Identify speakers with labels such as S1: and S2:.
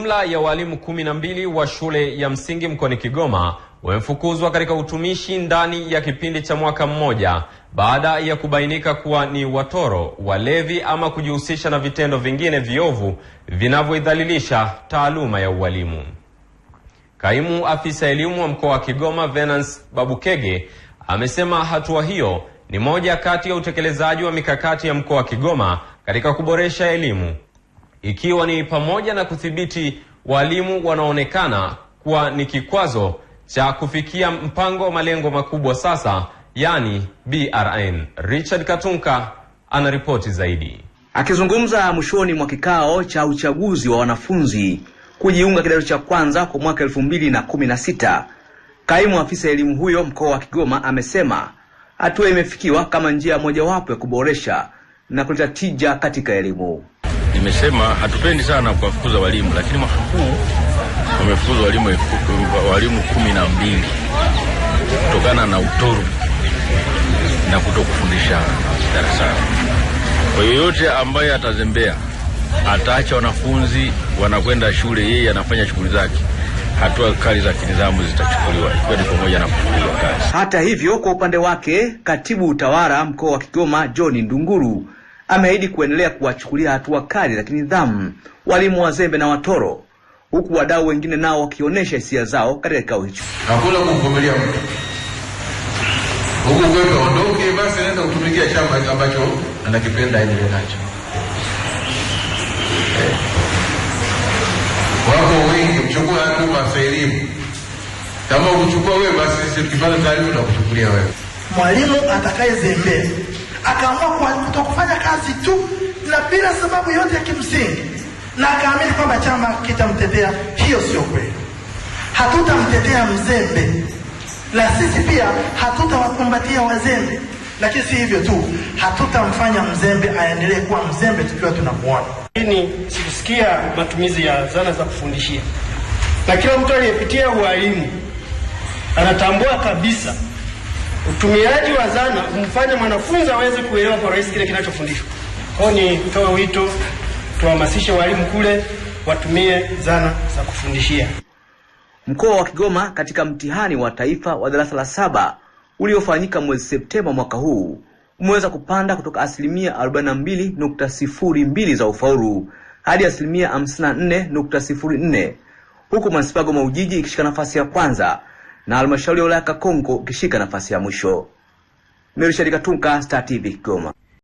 S1: Jumla ya walimu kumi na mbili wa shule ya msingi mkoani Kigoma wamefukuzwa katika utumishi ndani ya kipindi cha mwaka mmoja baada ya kubainika kuwa ni watoro, walevi ama kujihusisha na vitendo vingine viovu vinavyoidhalilisha taaluma ya ualimu. Kaimu afisa elimu wa mkoa wa Kigoma Venance Babukege amesema hatua hiyo ni moja kati ya utekelezaji wa mikakati ya mkoa wa Kigoma katika kuboresha elimu ikiwa ni pamoja na kudhibiti walimu wanaonekana kuwa ni kikwazo cha kufikia mpango wa malengo makubwa sasa, yani BRN. Richard Katunka anaripoti zaidi.
S2: Akizungumza mwishoni mwa kikao cha uchaguzi wa wanafunzi kujiunga kidato cha kwanza kwa mwaka elfu mbili na kumi na sita, kaimu afisa elimu huyo mkoa wa Kigoma amesema hatua imefikiwa kama njia mojawapo ya kuboresha na kuleta tija katika elimu
S3: amesema hatupendi sana kuwafukuza walimu, lakini mwaka huu wamefukuza walimu, walimu kumi na mbili kutokana na utoro na kuto kufundisha darasani. Kwa yoyote ambaye atazembea ataacha wanafunzi wanakwenda shule, yeye anafanya shughuli zake, hatua kali za kinidhamu zitachukuliwa ikiwa ni pamoja na kufukuzwa kazi.
S2: Hata hivyo, kwa upande wake katibu utawala mkoa wa Kigoma John Ndunguru ameahidi kuendelea kuwachukulia hatua kali lakini dhamu walimu wazembe na watoro, huku wadau wengine nao wakionyesha hisia zao katika kikao hicho.
S3: Hakuna kumvumilia mtu huku kwetu, aondoke basi, naenda kutumikia chama ambacho anakipenda endelee nacho. Eh. Wako wengi, mchukua hatua afisa elimu. Kama ukuchukua wewe, basi sisi tukipata taarifa kuchukulia wewe.
S4: Mwalimu atakayezembea akaamua kwa tu na bila sababu yote ya kimsingi, na akaamini kwamba chama kitamtetea. Hiyo sio kweli. Hatutamtetea mzembe, na sisi pia hatutawakumbatia wazembe. Lakini si hivyo tu, hatutamfanya mzembe aendelee kuwa mzembe tukiwa tunamuona.
S5: Lakini sikusikia matumizi ya zana za kufundishia, na kila mtu aliyepitia ualimu anatambua kabisa utumiaji wa zana humfanya mwanafunzi aweze kuelewa kwa rahisi kile kinachofundishwa. Kwa ni nitoe wito, tuhamasishe walimu kule watumie zana za kufundishia.
S1: Mkoa wa Kigoma katika mtihani wa taifa wa darasa la saba uliofanyika mwezi Septemba mwaka huu umeweza kupanda kutoka asilimia 42.02 za ufaulu hadi asilimia 54.04 huku manispaa Goma Ujiji ikishika nafasi ya kwanza na halmashauri ya wilaya Kakonko ikishika nafasi ya mwisho. Meri katunka Tunka, Star TV Kigoma.